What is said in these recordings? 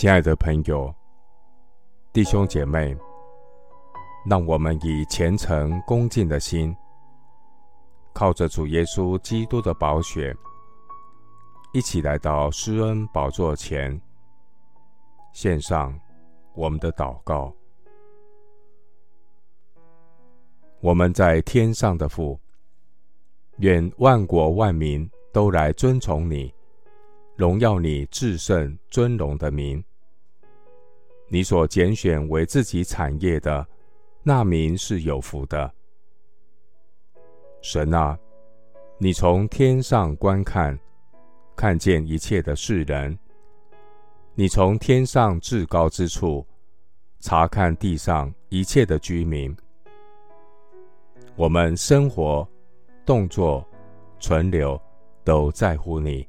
親愛的朋友、弟兄姐妹，讓我們以虔誠恭敬的心，靠着主耶穌基督的寶血，一起來到施恩寶座前，獻上我們的禱告。我們在天上的父，願萬國萬民都來尊崇你，榮耀你至聖尊榮的名。你所揀選為自己產業的那民是有福的。神啊，你從天上觀看，看見一切的世人；你從天上至高之處查看地上一切的居民。我們生活、動作、存留都在乎你。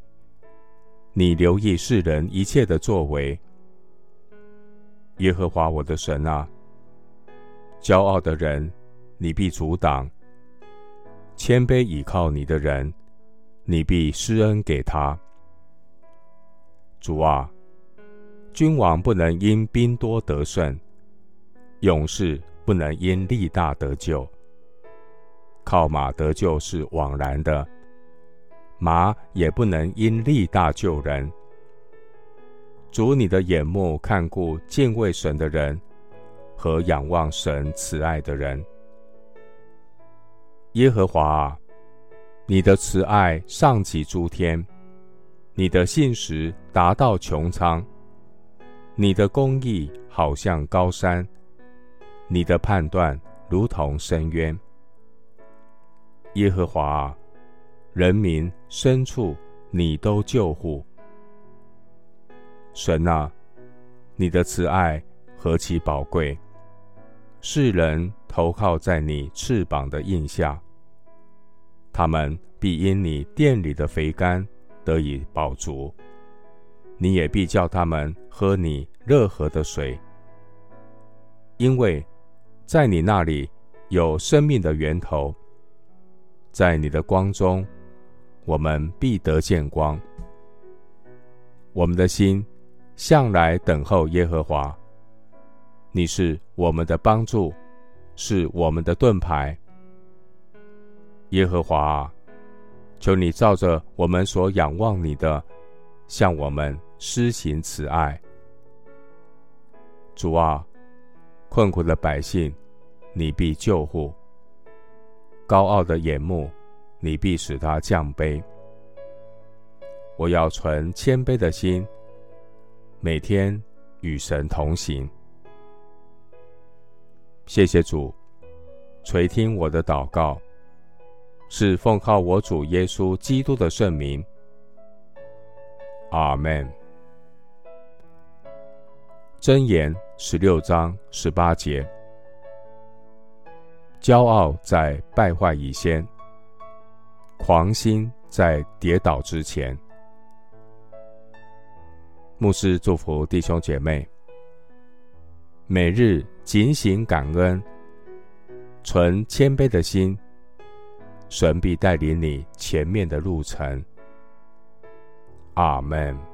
你留意世人一切的作為。耶和華我的神啊，驕傲的人，你必阻擋；謙卑倚靠你的人，你必施恩給他。主啊，君王不能因兵多得勝，勇士不能因力大得救。靠馬得救是枉然的，馬也不能因力大救人。主你的眼目看顧敬畏神的人和仰望神慈愛的人。耶和華啊，你的慈愛上及諸天，你的信實達到穹蒼，你的公義好像高山，你的判斷如同深淵。耶和華啊，人民深處你都救護。神啊，你的慈愛何其寶貴！世人投靠在你翅膀的蔭下，他們必因你殿裡的肥甘得以飽足；你也必叫他們喝你熱河的水，因為，在你那裡有生命的源頭，在你的光中，我們必得見光，我們的心。向來等候耶和華，你是我們的幫助，是我們的盾牌。耶和華，求你照着我們所仰望你的，向我們施行慈愛。主啊，困苦的百姓，你必救護；高傲的眼目，你必使他降卑。我要存謙卑的心。每天與神同行。謝謝主，垂聽我的禱告，是奉靠我主耶穌基督的聖名。阿門。箴言十六章十八節：驕傲在敗壞以先，狂心在跌倒之前。牧師祝福弟兄姐妹，每日儆醒感恩，存謙卑的心，神必帶領你前面的路程。阿門。